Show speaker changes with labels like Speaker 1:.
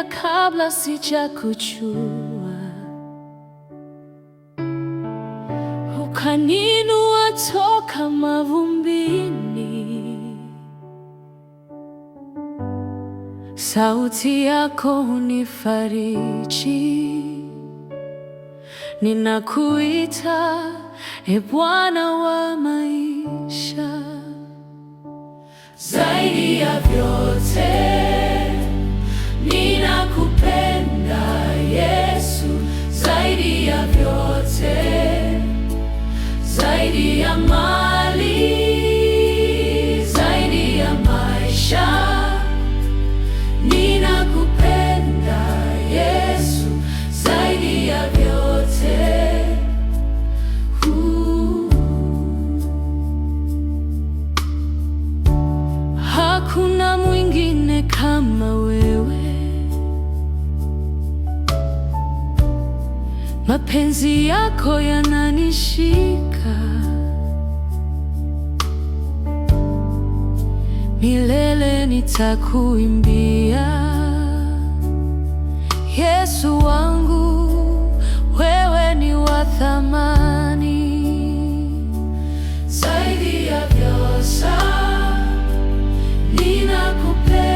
Speaker 1: Nenda kabla sijakuchua, ukaninua toka mavumbini. Sauti yako unifariji, ninakuita e Bwana wa maisha, zaidi ya vyote
Speaker 2: zaidi ya vyote, zaidi ya mali, zaidi ya maisha. Ninakupenda Yesu, zaidi ya vyote.
Speaker 1: hakuna mwingine kama wewe. mapenzi yako yananishika milele, nitakuimbia Yesu wangu, wewe ni wa thamani
Speaker 2: zaidi ya vyosa, ninakupenda.